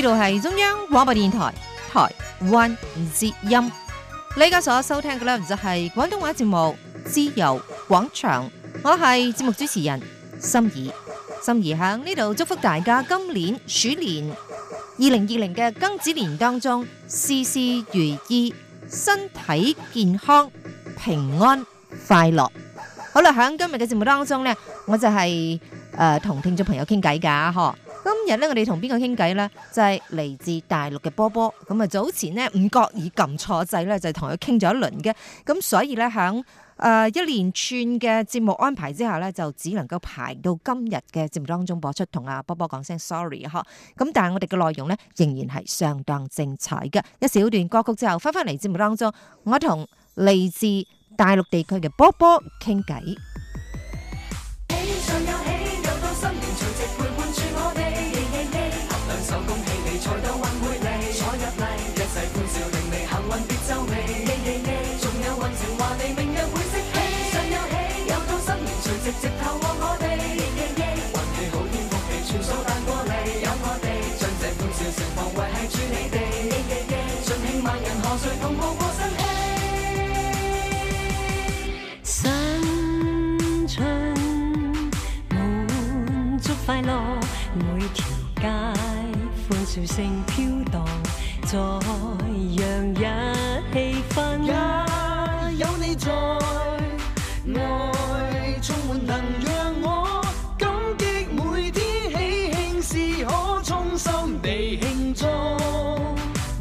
呢度係中央廣播電台台灣之音，你而家所收聽嘅咧就係廣東話節目《自由廣場》，我係節目主持人心怡，心怡響呢度祝福大家今年鼠年二零二零嘅庚子年當中，事事如意，身體健康，平安快樂。好啦，響今日嘅節目當中呢，我就係誒同聽眾朋友傾偈噶，嗬。今日咧，我哋同邊個傾偈呢？就係嚟自大陸嘅波波。咁啊，早前咧，唔覺意撳錯掣咧，就同佢傾咗一輪嘅。咁所以咧，響誒一連串嘅節目安排之下呢，就只能夠排到今日嘅節目當中播出，同阿波波講聲 sorry 呵。咁但係我哋嘅內容呢，仍然係相當精彩嘅。一小段歌曲之後，翻翻嚟節目當中，我同嚟自大陸地區嘅波波傾偈。笑聲飄蕩在洋溢氣氛，也有你在，愛充滿，能讓我感激每天喜慶事，可衷心地慶祝。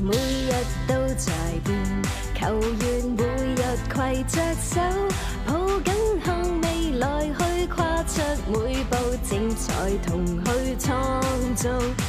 每日都在變，求願每日攜着手，抱緊向未來去跨出每步，精彩同去創造。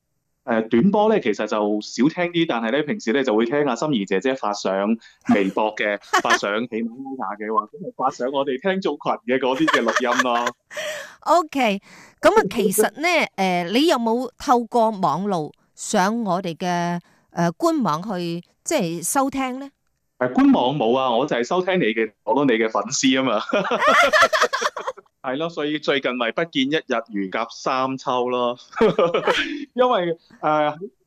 誒，短波咧其實就少聽啲，但係咧平時咧就會聽阿心怡姐姐發上微博嘅， 發上喜馬拉雅嘅，或者係發上我哋聽眾群嘅嗰啲嘅錄音咯。 OK，咁啊，其實咧，誒， 你有冇透過網路上我哋嘅誒官網去即係、就是、收聽咧？誒，官網冇啊，我就係收聽你嘅，我都係你嘅粉絲啊嘛，係 咯，所以最近咪不見一日如隔三秋咯， 因為誒喺、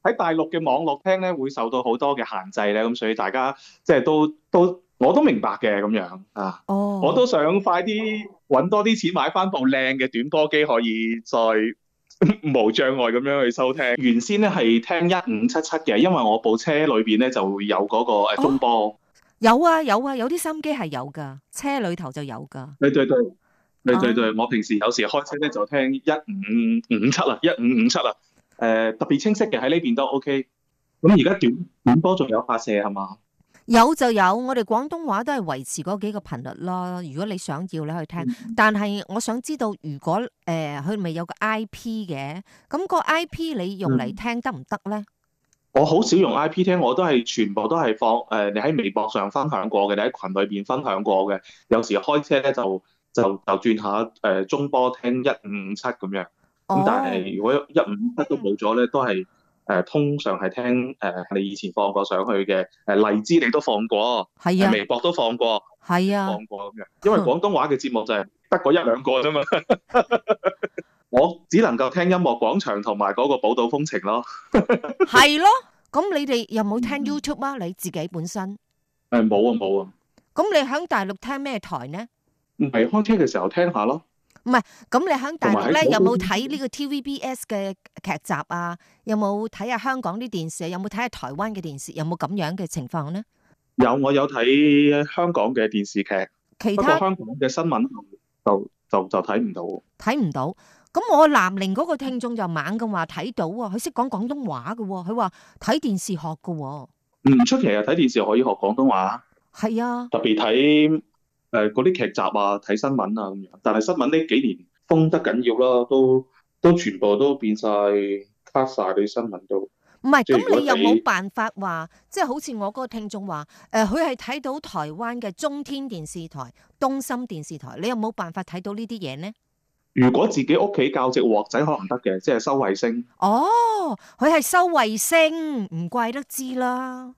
呃、大陸嘅網絡聽咧會受到好多嘅限制咧，咁所以大家即係都都我都明白嘅咁樣啊，哦、oh.，我都想快啲搵多啲錢買翻部靚嘅短波機，可以再無障礙咁樣去收聽。原先咧係聽一五七七嘅，因為我部車裏邊咧就會有嗰個誒中波。Oh. 有啊有啊，有啲、啊、心機係有噶，車裏頭就有噶。對對對，對對對，我平時有時開車咧就聽一五五七啊，一五五七啊。誒、呃，特別清晰嘅喺呢邊都 OK。咁而家短短波仲有發射係嘛？有就有，我哋廣東話都係維持嗰幾個頻率咯。如果你想要你去聽，但係我想知道，如果誒佢咪有個 IP 嘅，咁個 IP 你用嚟聽得唔得咧？嗯行我好少用 I P 聽，我都係全部都係放誒，你喺微博上分享過嘅，你喺群裏邊分享過嘅。有時開車咧就就就轉一下誒中波聽一五五七咁樣。咁、oh. 但係如果一五五七都冇咗咧，都係誒通常係聽誒你以前放過上去嘅誒荔枝，你都放過，喺、啊、微博都放過，係啊，放過咁樣。因為廣東話嘅節目就係得嗰一兩個啫嘛。我只能夠聽音樂廣場同埋嗰個寶島風情咯 。係咯，咁你哋有冇聽 YouTube 啊？你自己本身？誒冇啊冇啊。咁你喺大陸聽咩台呢？唔係開車嘅時候聽下咯。唔係，咁你喺大陸咧有冇睇呢個 TVBS 嘅劇集啊？有冇睇下香港啲電視？有冇睇下台灣嘅電視？有冇咁樣嘅情況呢？有，我有睇香港嘅電視劇，其他香港嘅新聞就就就睇唔到，到，睇唔到。咁我南寧嗰個聽眾就猛咁話睇到啊，佢識講廣東話嘅，佢話睇電視學嘅。唔出奇啊，睇電視可以學廣東話。係啊，特別睇誒嗰啲劇集啊，睇新聞啊咁樣。但係新聞呢幾年封得緊要啦，都都全部都變晒卡晒。啲新聞都。唔係，咁你有冇辦法話，即係好似我嗰個聽眾話，誒佢係睇到台灣嘅中天電視台、東森電視台，你有冇辦法睇到呢啲嘢呢？如果自己屋企教隻鑊仔可能得嘅，即係收衛星。哦，佢係收衛星，唔怪得知啦。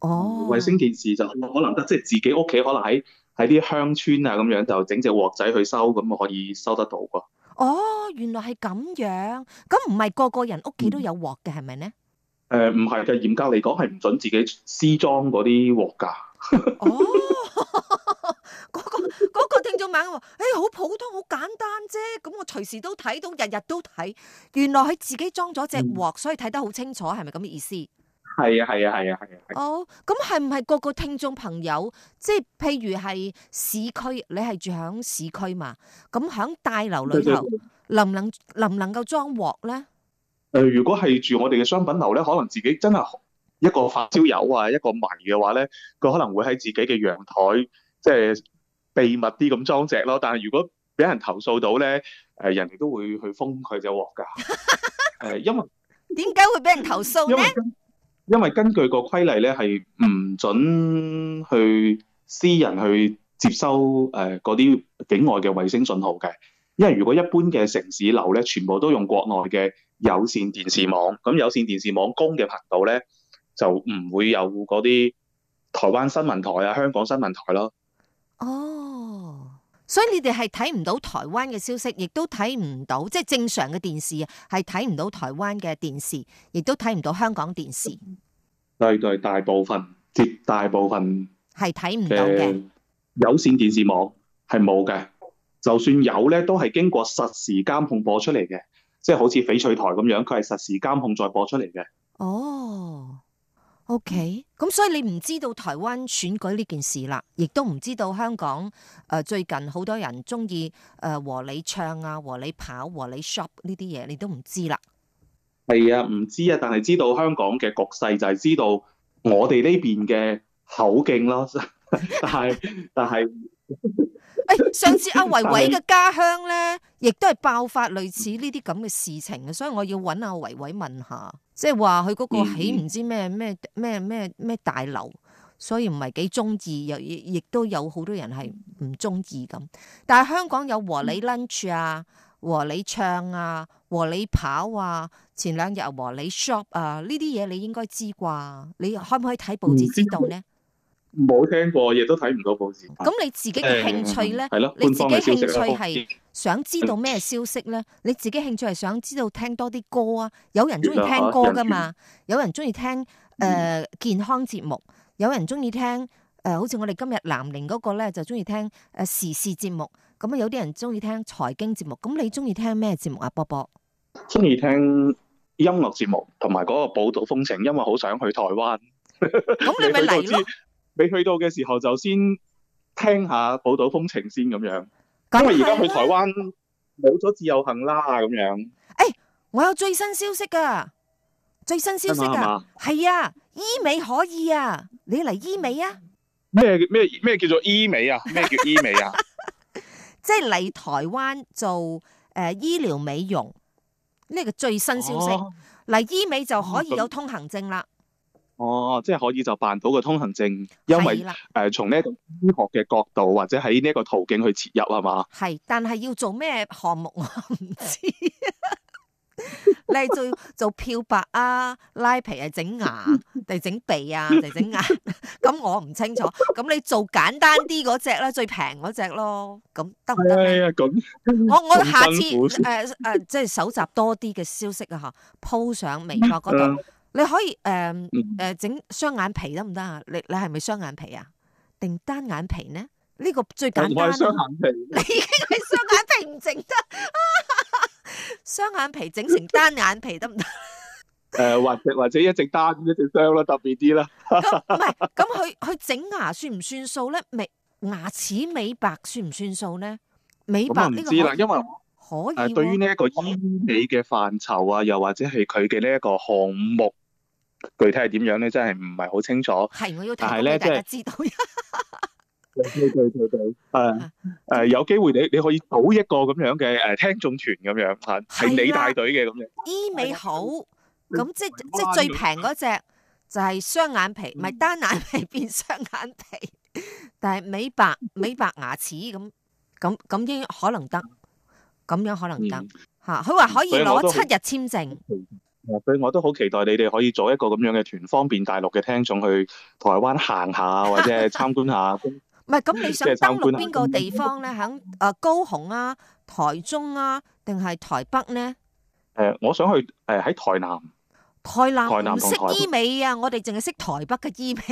哦，衛、嗯、星電視就可能得，即係自己屋企可能喺喺啲鄉村啊咁樣，就整隻鑊仔去收，咁可以收得到噶。哦，原來係咁樣，咁唔係個個人屋企都有鑊嘅，係、嗯、咪呢？誒、呃，唔係嘅，嚴格嚟講係唔准自己私裝嗰啲鑊噶。 哦。嗰個嗰個聽眾名：誒、欸，好普通，好簡單啫。咁我隨時都睇到，日日都睇。原來佢自己裝咗隻鑊，所以睇得好清楚，係咪咁嘅意思？係啊，係啊，係啊，係啊。哦，咁係唔係個個聽眾朋友，即係譬如係市區，你係住響市區嘛？咁響大樓裏頭，啊、能唔能能唔能夠裝鑊咧？誒、呃，如果係住我哋嘅商品樓咧，可能自己真係一個發燒友啊，一個迷嘅話咧，佢可能會喺自己嘅陽台，即係。秘密啲咁裝隻咯，但係如果俾人投訴到咧，誒，人哋都會去封佢隻鑊㗎。誒，因為點解 會俾人投訴咧？因為根據個規例咧，係唔准去私人去接收誒嗰啲境外嘅衛星信號嘅。因為如果一般嘅城市樓咧，全部都用國內嘅有線電視網，咁有線電視網供嘅頻道咧，就唔會有嗰啲台灣新聞台啊、香港新聞台咯。哦。所以你哋係睇唔到台灣嘅消息，亦都睇唔到即係、就是、正常嘅電視啊，係睇唔到台灣嘅電視，亦都睇唔到香港電視。對對，大部分，絕大部分係睇唔到嘅、呃、有線電視網係冇嘅，就算有咧，都係經過實時監控播出嚟嘅，即係好似翡翠台咁樣，佢係實時監控再播出嚟嘅。哦。OK，咁所以你唔知道台灣選舉呢件事啦，亦都唔知道香港誒最近好多人鍾意誒和你唱啊，和你跑，和你 shop 呢啲嘢，你都唔知啦。係啊，唔知啊，但係知道香港嘅局勢就係知道我哋呢邊嘅口徑咯。 但係，但係。哎，上次阿維維嘅家鄉呢，亦都係爆發類似呢啲咁嘅事情嘅，所以我要揾阿維維問下，即係話佢嗰個起唔知咩咩咩咩咩大樓，所以唔係幾中意，又亦都有好多人係唔中意咁。但係香港有和你 lunch 啊，和你唱啊，和你跑啊，前兩日和你 shop 啊，呢啲嘢你應該知啩？你可唔可以睇報紙知道呢？冇聽過，亦都睇唔到報紙。咁你自己嘅興趣咧？係、嗯、咯，你自己嘅興趣係想知道咩消息咧？你自己興趣係想、嗯、想知道聽多啲歌啊？有人中意聽歌噶嘛、嗯嗯？有人中意聽誒、呃、健康節目，有人中意聽誒、呃，好似我哋今日南寧嗰個咧，就中意聽誒時事節目。咁啊，有啲人中意聽財經節目。咁你中意聽咩節目啊？波波中意聽音樂節目，同埋嗰個報導風情，因為好想去台灣。咁你咪嚟咯！ 你去到嘅時候就先聽下寶島風情先咁樣，因我而家去台灣冇咗自由行啦咁樣。誒、哎，我有最新消息噶，最新消息噶，係啊，醫美可以啊，你嚟醫美啊？咩咩咩叫做醫美啊？咩叫醫美啊？即係嚟台灣做誒、呃、醫療美容呢、這個最新消息，嚟、哦、醫美就可以有通行證啦。嗯嗯哦，即係可以就辦到個通行證，因為誒，從呢一個醫學嘅角度或者喺呢一個途徑去切入係嘛？係，但係要做咩項目我唔知， 你是做 做,做漂白啊、拉皮啊、整牙定整鼻啊定整牙，咁我唔清楚。咁你做簡單啲嗰隻啦，最平嗰隻咯，咁得唔得咧？咁、哎、我我下次誒誒、呃呃，即係搜集多啲嘅消息啊吓，鋪上微博嗰度。 你可以誒誒整雙眼皮得唔得啊？你你係咪雙眼皮啊？定單眼皮呢？呢個最簡單。我係雙眼皮。你已經係雙眼皮唔整得。 雙眼皮整成單眼皮得唔得？誒、呃，或者或者一直單一直雙啦，特別啲啦。唔 係，咁佢佢整牙算唔算數咧？美牙齒美白算唔算數咧？美白呢個唔知啦，因為可以誒。對於呢一個醫美嘅範疇啊，又或者係佢嘅呢一個項目。具體係點樣咧？真係唔係好清楚。係，我要提一提大家知道。 對對對對，誒，有機會你你可以組一個咁樣嘅誒聽眾團咁樣，係你帶隊嘅咁樣。啊啊、醫美好，咁、啊、即，即即最平嗰隻就係雙眼皮，唔係單眼皮變雙眼皮，但係美白美白牙齒咁咁咁應該可能得，咁樣可能得吓。佢話可以攞七日簽證，嗯。嗯所以我都好期待你哋可以做一個咁樣嘅團，方便大陸嘅聽眾去台灣行下或者係參觀下。唔係咁，你想登陸邊個地方咧？響誒高雄啊、台中啊，定係台北呢？誒，我想去誒喺台南。台南唔識醫美啊，我哋淨係識台北嘅醫美。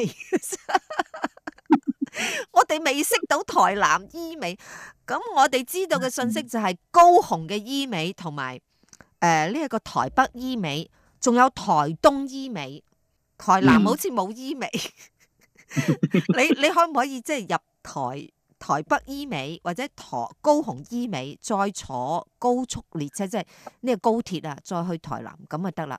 我哋未識到台南醫美，咁我哋知道嘅信息就係高雄嘅醫美同埋。誒、呃，呢、這、一個台北醫美，仲有台東醫美，台南好似冇醫美。嗯、 你你可唔可以即係入台台北醫美或者台高雄醫美，再坐高速列車，即係呢個高鐵啊，再去台南咁啊得啦。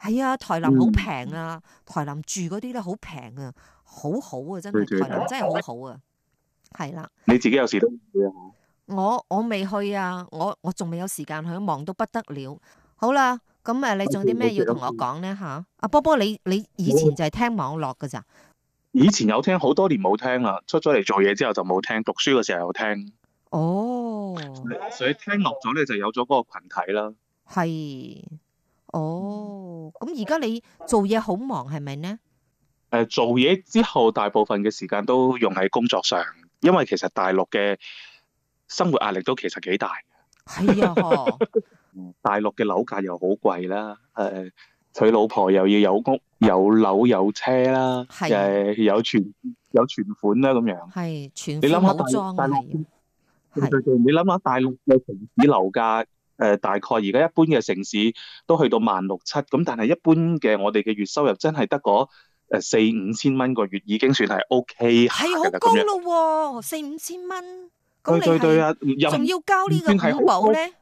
係啊、哎，台南好平啊，嗯，台南住嗰啲咧好平啊，好好啊，真係台南真係好好啊。係啦。你自己有事都我我未去啊！我我仲未有時間去，忙到不得了。好啦，咁誒，你仲有啲咩要同我講咧吓？阿波波，你你以前就係聽網絡噶咋？以前有聽，好多年冇聽啦。出咗嚟做嘢之後就冇聽，讀書嘅時候有聽。哦，所以聽落咗咧就有咗嗰個群體啦。係，哦，咁而家你做嘢好忙係咪呢？誒，做嘢之後大部分嘅時間都用喺工作上，因為其實大陸嘅。生活壓力都其實幾大嘅。哎，係啊，大陸嘅樓價又好貴啦，誒、呃，娶老婆又要有屋、有樓、有車啦，誒，就是，有存有存款啦，咁樣係存。你諗下大陸，但、啊、你諗下大陸嘅城市樓價，誒、呃，大概而家一般嘅城市都去到萬六七，咁但係一般嘅我哋嘅月收入真係得嗰誒四五千蚊個月，已經算係 O K，係好高咯。哦，四五千蚊。對對對啊，仲要交呢個保咧？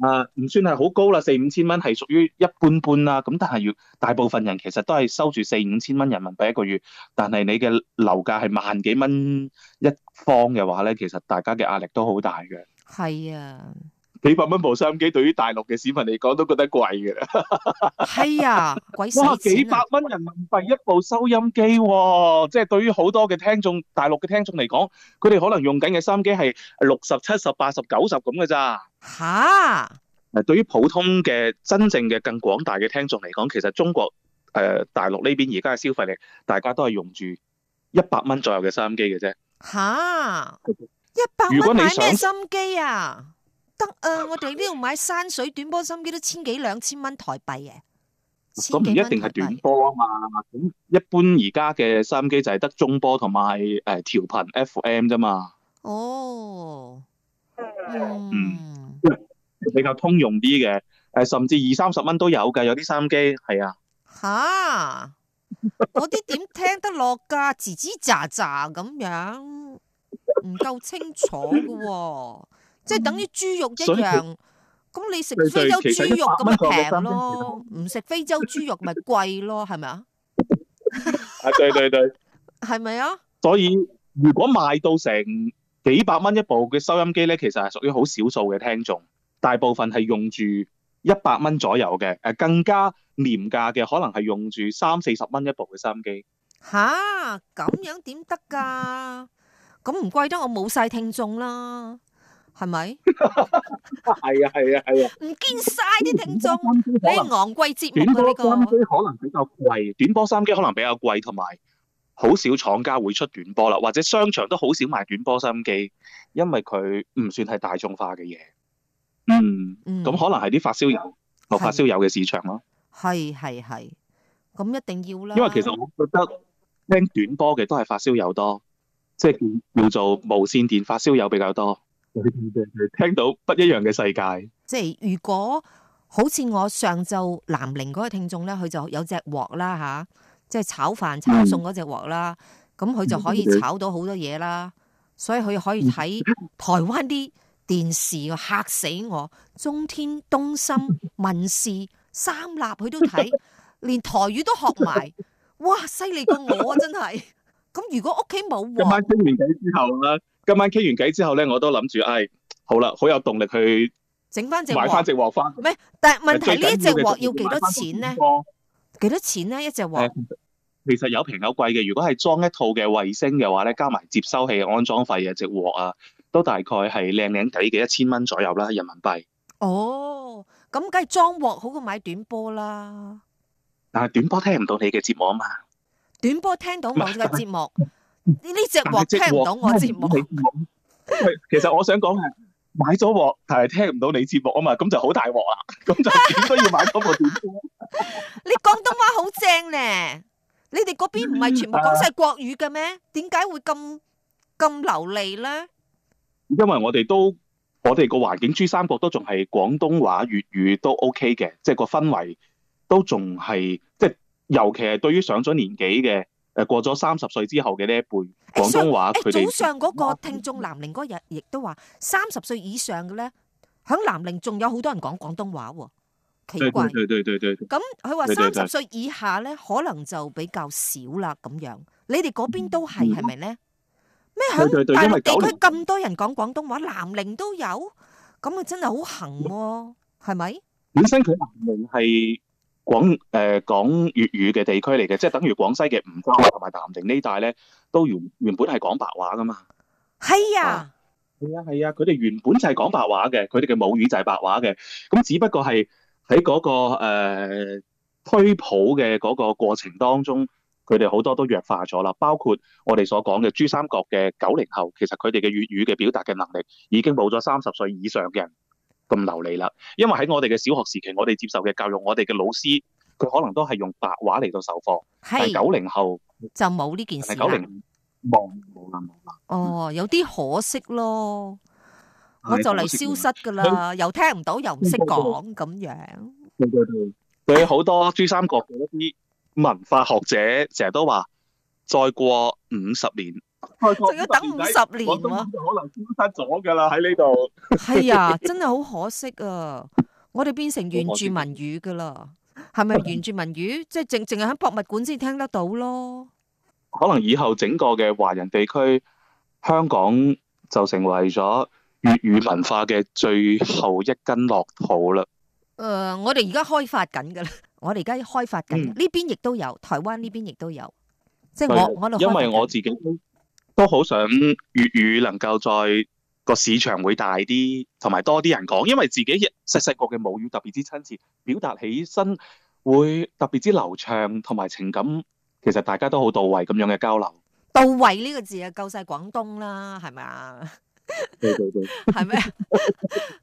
啊，唔算係好高啦，四五千蚊係屬於一般般啦。咁但係要大部分人其實都係收住四五千蚊人民幣一個月，但係你嘅樓價係萬幾蚊一方嘅話咧，其實大家嘅壓力都好大嘅。係啊。幾百蚊部收音機對於大陸嘅市民嚟講都覺得貴㗎喇，係啊，鬼死！哇，幾百蚊人民幣一部收音機喎，即 係對於好多嘅聽眾，大陸嘅聽眾嚟講，佢哋可能用緊嘅收音機係六十七十八十九十咁嘅咋吓？誒，對於普通嘅真正嘅更廣大嘅聽眾嚟講，其實中國誒、呃、大陸呢邊而家嘅消費力，大家都係用住一百蚊左右嘅收音機嘅啫吓？一百蚊買咩收音機啊？誒、嗯，我哋呢度買山水短波收音機都千幾兩千蚊台幣嘅，啊，咁唔一定係短波啊嘛。咁一般而家嘅收音機就係得中波同埋誒調頻 FM 啫嘛。哦嗯，嗯，比較通用啲嘅，誒，甚至二三十蚊都有嘅，有啲收音機係啊。吓，嗰啲點聽得落噶？吱吱喳喳咁樣，唔夠清楚噶。嗯、即係等於豬肉一樣，咁你食非洲豬肉咁咪平咯，唔食非洲豬肉咪貴咯，係咪啊？啊，對對對，係咪啊？所以如果賣到成幾百蚊一部嘅收音機咧，其實係屬於好少數嘅聽眾，大部分係用住一百蚊左右嘅，誒，更加廉價嘅，可能係用住三四十蚊一部嘅收音機。吓，啊，咁樣點得噶？咁唔貴得，我冇晒聽眾啦。係咪？係 啊，係啊，係啊，唔見晒啲聽眾，你昂貴節目呢個短波收音機可能比較貴，短波收音機可能比較貴，同埋好少廠家會出短波啦，或者商場都好少賣短波收音機，因為佢唔算係大眾化嘅嘢。嗯，咁、嗯、可能係啲發燒友，個發燒友嘅市場咯。係係係，咁一定要啦。因為其實我覺得聽短波嘅都係發燒友多，即係叫做無線電發燒友比較多。聽到不一樣嘅世界，即係如果好似我上晝南寧嗰個聽眾呢，佢就有隻鑊啦吓，即係炒飯炒餸嗰隻鑊啦，咁佢就可以炒到好多嘢啦，所以佢可以睇台灣啲電視，吓死我，中天、東森、民視、三立，佢都睇，連台語都學埋，哇，犀利過我啊，真係！咁如果屋企冇，今晚傾完偈之後啦，今晚傾完偈之後咧，我都諗住，唉、哎，好啦，好有動力去整翻隻鑊，買翻隻鑊翻。咩？但係問題、這個、呢隻鑊要幾多錢咧？幾多錢咧？一隻鑊、嗯？其實有平有貴嘅。如果係裝一套嘅衛星嘅話咧，加埋接收器、安裝費啊、隻鑊啊，都大概係靚靚地嘅一千蚊左右啦，人民幣。哦，咁梗係裝鑊好過買短波啦。但係短波聽唔到你嘅節目啊嘛。短波聽到我呢個節目，呢隻鑊聽唔到我，節目，到我節目。其實我想講係買咗鑊，但係聽唔到你節目啊嘛，咁就好大鑊啦。咁就只需要買多部短波。你廣東話好正咧，你哋嗰邊唔係全部講晒國語嘅咩？點解會咁咁流利咧？因為我哋都我哋個環境珠三角都仲係廣東話粵語都 OK 嘅，即、就、係、是、個氛圍都仲係即。就是尤其係對於上咗年紀嘅，誒過咗三十歲之後嘅呢一輩廣東話佢哋。誒，早上嗰個聽眾南寧嗰日亦都話，三十歲以上嘅咧，響南寧仲有好多人講廣東話，奇怪。對對對對。咁佢話三十歲以下咧，可能就比較少啦，咁樣。你哋嗰邊都係，係咪咧？咩響大陸地區咁多人講廣東話，南寧都有，咁啊真係好行，係咪？本身佢南寧係。廣誒講粵語嘅地區嚟嘅，即係等於廣西嘅梧州同埋南寧呢帶咧，都原原本係講白話噶嘛。係啊，係啊係啊，佢哋原本就係講白話嘅，佢哋嘅母語就係白話嘅。咁只不過係喺嗰個誒、呃、推普嘅嗰個過程當中，佢哋好多都弱化咗啦。包括我哋所講嘅珠三角嘅九零後，其實佢哋嘅粵語嘅表達嘅能力已經冇咗三十歲以上嘅人咁流利啦，因為喺我哋嘅小學時期，我哋接受嘅教育，我哋嘅老師佢可能都係用白話嚟到授課。係九零後就冇呢件事。九零後，冇，冇啦冇啦。哦，有啲可惜咯，我就嚟消失噶啦，又聽唔到，又唔識講咁樣。佢，對對對，好多珠三角嘅一啲文化學者成日都話，再過五十年。仲要等五十年喎，年啊、可能消失咗噶啦喺呢度。係 啊，真係好可惜啊！我哋變成原住民語噶啦，係咪原住民語？ 即係淨淨係喺博物館先聽得到咯。可能以後整個嘅華人地區，香港就成為咗粵語文化嘅最後一根落土啦。誒、呃，我哋而家開發緊噶啦，我哋而家開發緊，呢邊亦都有，台灣呢邊亦都有，即係我我哋因為我自己。都好想粵語能夠再個市場會大啲，同埋多啲人講，因為自己細細個嘅母語特別之親切，表達起身會特別之流暢，同埋情感，其實大家都好到位咁樣嘅交流。到位呢個字啊，夠晒廣東啦，係咪啊？對對對，係咩？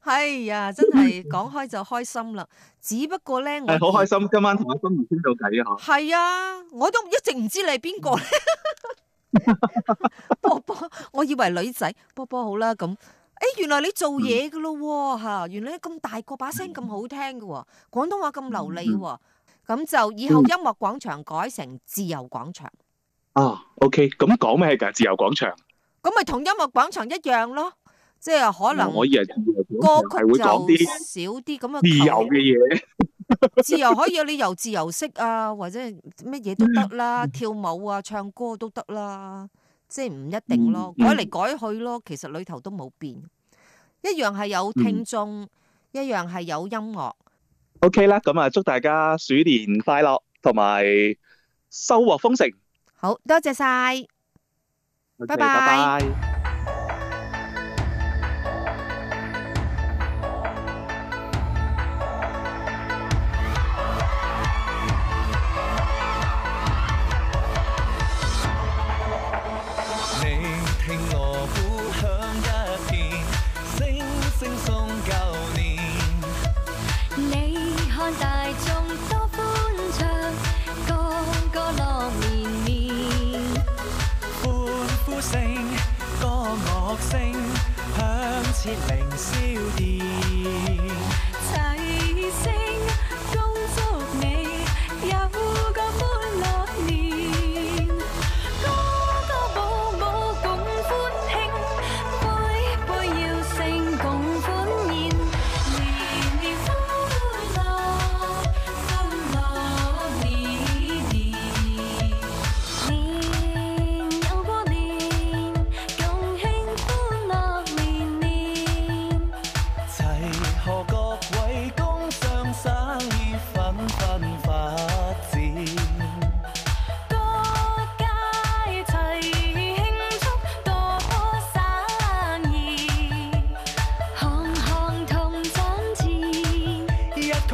係呀，真係講開就開心啦。只不過呢，我好、欸、開心今晚同阿金如傾到偈啊！係啊，我都一直唔知道你係邊個。 波波，我以為女仔波波好啦咁，誒，原來你做嘢噶咯喎吓，原來你咁大個把聲咁好聽嘅，廣東話咁流利，咁就以後音樂廣場改成自由廣場。啊，OK，咁講咩噶？自由廣場？咁咪同音樂廣場一樣咯，即係可能我以為歌曲就少啲咁嘅自由嘅嘢。自由可以啊，你有自由式啊，或者乜嘢都得啦，跳舞啊，唱歌都得啦，即係唔一定咯，改嚟改去咯，其實裏頭都冇變，一樣係有聽眾，一樣係有音樂。OK 啦，咁啊，祝大家鼠年快樂，同埋收穫豐盛。好多謝晒，拜拜，拜拜。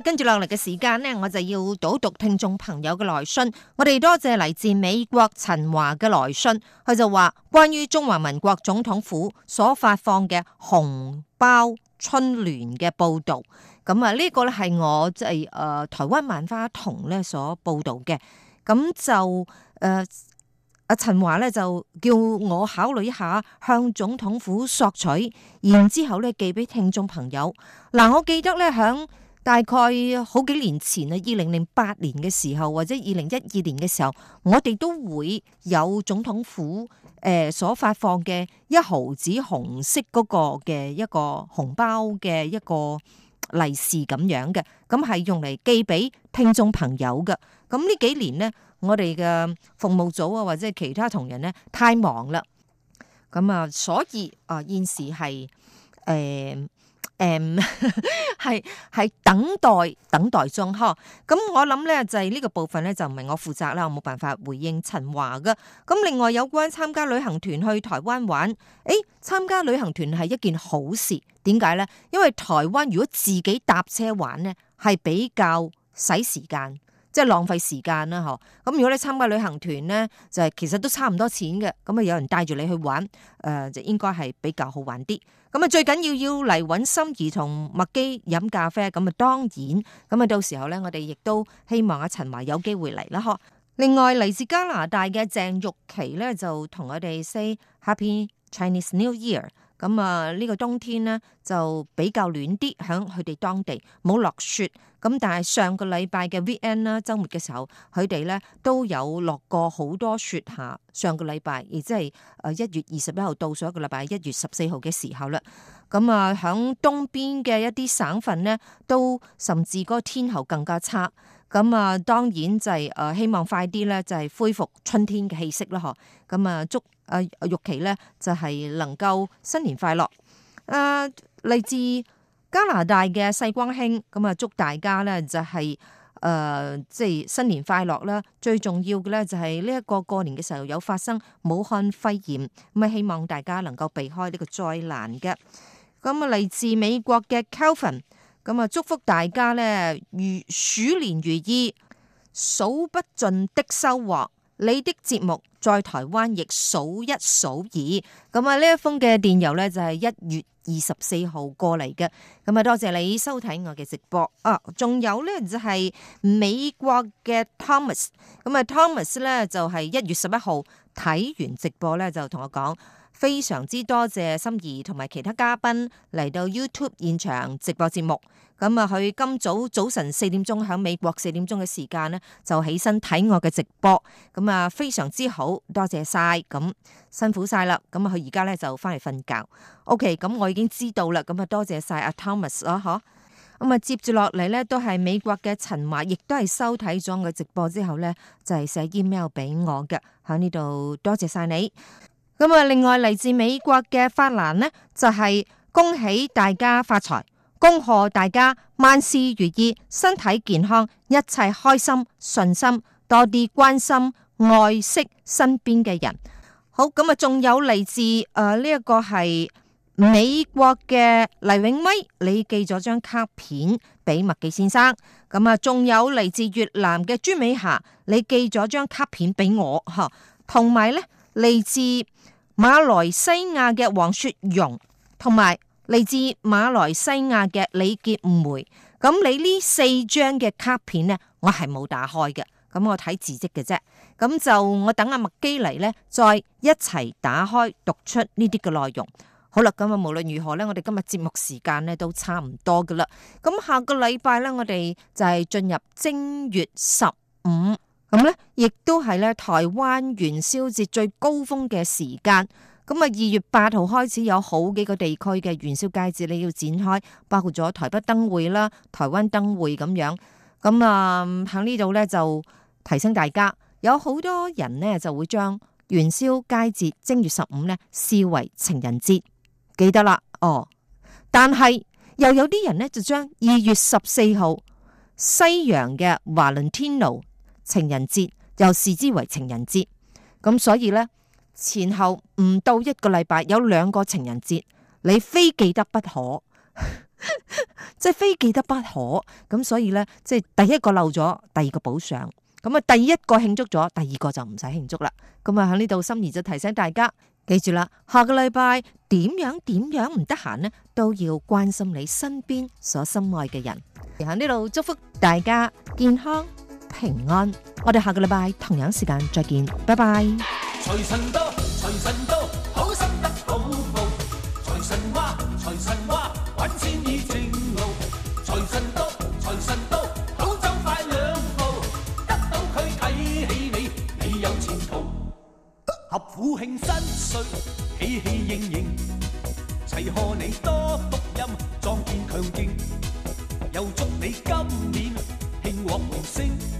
跟住落嚟嘅時間咧，我就要導讀聽眾朋友嘅來信。我哋多謝嚟自美國陳華嘅來信，佢就話關於中華民國總統府所發放嘅紅包春聯嘅報道。咁啊，呢、這個咧係我即係誒台灣萬花筒咧所報道嘅。咁就誒阿、呃、陳華咧就叫我考慮一下向總統府索取，然之後咧寄俾聽眾朋友。嗱、呃，我記得咧響。在大概好幾年前啊，二零零八年嘅時候，或者二零一二年嘅時候，我哋都會有總統府誒、呃、所發放嘅一毫紙紅色嗰個嘅一個紅包嘅一個利是咁樣嘅，咁係用嚟寄俾聽眾朋友嘅。咁呢幾年咧，我哋嘅服務組啊，或者係其他同仁咧，太忙啦，咁啊，所以啊、呃、現時係誒。呃誒、um, 係等待等待中呵。咁我諗咧就係、是、呢個部分咧就唔係我負責啦，我冇辦法回應陳華噶。咁另外有關參加旅行團去台灣玩，誒、哎、參加旅行團係一件好事，點解咧？因為台灣如果自己搭車玩咧，係比較使時間。即係浪費時間啦，嗬！咁如果你參加旅行團咧，就係其實都差唔多錢嘅，咁啊有人帶住你去玩，誒、呃、就應該係比較好玩啲。咁啊最緊要要嚟搵心怡同麥基飲咖啡，咁啊當然，咁啊到時候咧我哋亦都希望阿陳華有機會嚟啦，嗬！另外嚟自加拿大嘅鄭玉琪咧就同我哋 say Happy Chinese New Year。咁啊，呢個冬天咧就比較暖啲，響佢哋當地冇落雪。咁但係上個禮拜嘅 V.N. 啦，周末嘅時候，佢哋咧都有落過好多雪下。上個禮拜，亦即係誒一月二十一號到上一個禮拜一月十四號嘅時候啦。咁啊，響東邊嘅一啲省份咧，都甚至個天候更加差。咁啊，當然就係誒希望快啲咧，就係恢復春天嘅氣息咯。嗬。咁啊，祝～啊！玉琪咧就係、是、能夠新年快樂。誒、呃，嚟自加拿大嘅細光興，咁啊祝大家咧就係、是、誒，即、呃、係、就是、新年快樂啦。最重要嘅咧就係呢一個過年嘅時候有發生武漢肺炎，咁啊希望大家能夠避開呢個災難嘅。咁啊嚟自美國嘅 Kelvin，咁啊祝福大家咧如鼠年如意，數不盡的收穫。你的節目。在台灣亦數一數二，咁啊呢一封嘅電郵咧就係一月二十四號過嚟嘅，咁啊多謝你收睇我嘅直播啊，仲有咧就係美國嘅 Thomas，咁啊 Thomas 咧就係一月十一號睇完直播咧就同我講。非常之多謝心怡同埋其他嘉賓嚟到 YouTube 現場直播節目，咁啊佢今早早晨四點鐘喺美國四點鐘嘅時間咧就起身睇我嘅直播，咁啊非常之好多謝晒，咁辛苦晒啦，咁啊佢而家咧就翻嚟瞓覺。OK，咁我已經知道啦，咁啊多謝晒阿 Thomas 囉，嗬咁啊接住落嚟咧都係美國嘅陳華，亦都係收睇咗我嘅直播之後咧就係、是、寫 email 俾我嘅，喺呢度多謝晒你。咁啊！另外嚟自美國嘅法蘭呢，就係恭喜大家發財，恭賀大家萬事如意，身體健康，一切開心順心，多啲關心愛惜身邊嘅人。好，咁啊，仲有嚟自誒呢一個係美國嘅黎永威，你寄咗張卡片俾麥基先生。咁啊，仲有嚟自越南嘅朱美霞，你寄咗張卡片俾我吓，同埋咧嚟自，馬來西亞嘅黃雪蓉，同埋嚟自馬來西亞嘅李傑梅，咁你呢四張嘅卡片呢，我係冇打開嘅，咁我睇字跡嘅啫，咁就我等阿麥基嚟呢，再一齊打開讀出呢啲嘅內容。好啦，咁啊無論如何咧，我哋今日節目時間呢都差唔多噶啦，咁下個禮拜咧，我哋就係進入正月十五。咁咧，亦都係咧，台灣元宵節最高峰嘅時間。咁啊，二月八號開始有好幾個地區嘅元宵佳節，你要展開，包括咗台北燈會啦、台灣燈會咁樣。咁啊，喺呢度咧就提醒大家，有好多人呢就會將元宵佳節正月十五呢視為情人節，記得啦。哦，但係又有啲人呢，就將二月十四號西洋嘅華倫天奴。情人節又視之為情人節，咁所以呢，前後唔到一個禮拜有兩個情人節，你非記得不可， 即係非記得不可。咁所以呢，即係第一個漏咗，第二個補償。咁啊，第一個慶祝咗，第二個就唔使慶祝啦。咁啊，喺呢度心怡就提醒大家記住啦，下個禮拜點樣點樣唔得閒呢，都要關心你身邊所心愛嘅人。而喺呢度祝福大家健康，平安，我哋下個禮拜同樣時間再見，拜拜。財神到，財神到，好心得好報！財神話，財神話，搵錢依正路！財神到，財神到，好走快兩步。得到佢睇起你，你有前途。合府慶新歲，喜氣盈盈。齊賀你多福蔭，壯健強勁。又祝你今年慶獲榮升。